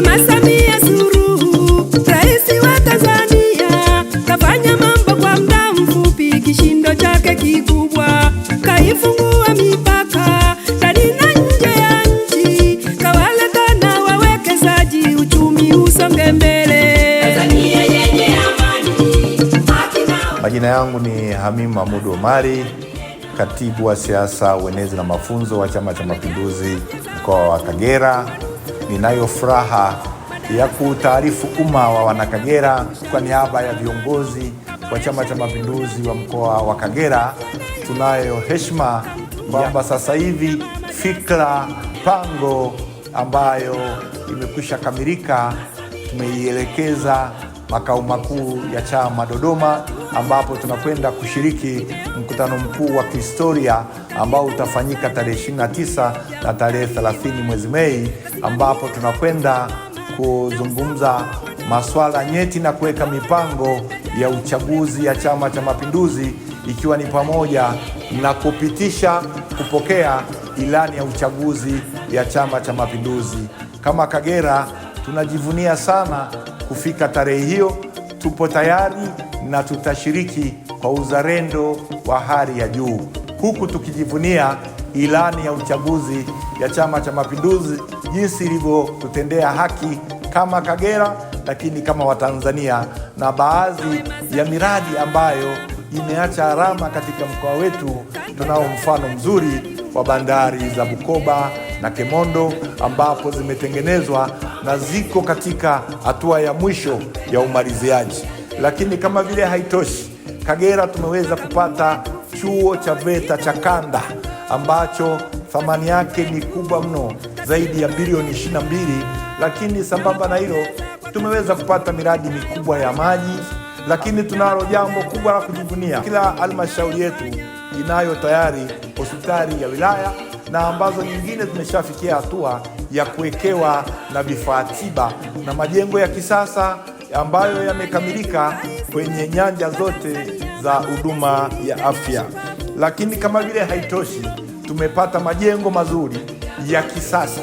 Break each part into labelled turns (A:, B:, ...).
A: Mama Samia Suluhu, rais wa Tanzania, kafanya mambo kwa muda mfupi, kishindo chake kikubwa, kaifungua mipaka ndani na nje ya nchi, kawaleta na wawekezaji, uchumi usonge mbele.
B: Majina yangu ni Hamim Mahmud Omari, katibu wa siasa, uenezi na mafunzo wa Chama cha Mapinduzi mkoa wa Kagera. Ninayo furaha ya kuutaarifu umma wa Wanakagera kwa niaba ya viongozi wa Chama cha Mapinduzi wa mkoa wa Kagera, tunayo heshima kwamba sasa hivi fikra pango ambayo imekwisha kamilika tumeielekeza makao makuu ya chama Dodoma, ambapo tunakwenda kushiriki mkutano mkuu wa kihistoria ambao utafanyika tarehe 29 na tarehe 30 mwezi Mei, ambapo tunakwenda kuzungumza masuala nyeti na kuweka mipango ya uchaguzi ya Chama cha Mapinduzi, ikiwa ni pamoja na kupitisha kupokea ilani ya uchaguzi ya Chama cha Mapinduzi. Kama Kagera tunajivunia sana Kufika tarehe hiyo, tupo tayari na tutashiriki kwa uzalendo wa hali ya juu, huku tukijivunia ilani ya uchaguzi ya Chama cha Mapinduzi, jinsi ilivyotutendea haki kama Kagera, lakini kama Watanzania, na baadhi ya miradi ambayo imeacha alama katika mkoa wetu. Tunao mfano mzuri wa bandari za Bukoba na Kemondo ambapo zimetengenezwa na ziko katika hatua ya mwisho ya umaliziaji. Lakini kama vile haitoshi, Kagera tumeweza kupata chuo cha VETA cha kanda ambacho thamani yake ni kubwa mno zaidi ya bilioni 22, lakini sambamba na hilo tumeweza kupata miradi mikubwa ya maji, lakini tunalo jambo kubwa la kujivunia. Kila halmashauri yetu inayo tayari hospitali ya wilaya na ambazo nyingine zimeshafikia hatua ya kuwekewa na vifaa tiba na majengo ya kisasa ambayo yamekamilika kwenye nyanja zote za huduma ya afya. Lakini kama vile haitoshi, tumepata majengo mazuri ya kisasa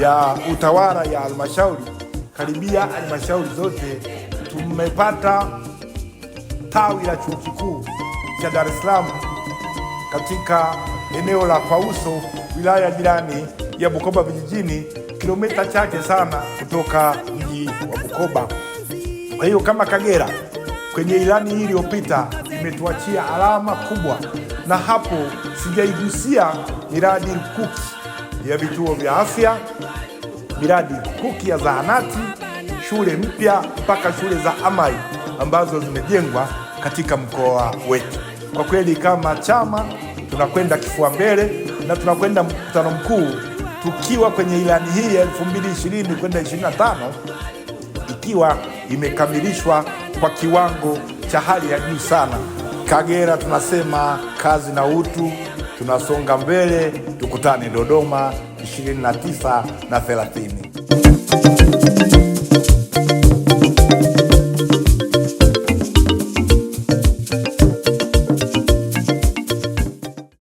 B: ya utawala ya halmashauri, karibia halmashauri zote. Tumepata tawi la chuo kikuu cha Dar es Salaam katika eneo la Kwauso, wilaya jirani ya Bukoba vijijini, kilomita chache sana kutoka mji wa Bukoba. Kwa hiyo kama Kagera kwenye ilani hii iliyopita imetuachia alama kubwa, na hapo sijaigusia miradi kuki ya vituo vya afya, miradi kuki ya zahanati, shule mpya mpaka shule za amali ambazo zimejengwa katika mkoa wetu. Kwa kweli kama chama tunakwenda kifua mbele na tunakwenda mkutano mkuu tukiwa kwenye ilani hii ya 2020 kwenda 25 ikiwa imekamilishwa kwa kiwango cha hali ya juu sana. Kagera tunasema kazi na utu, tunasonga mbele. Tukutane Dodoma 29 na 30.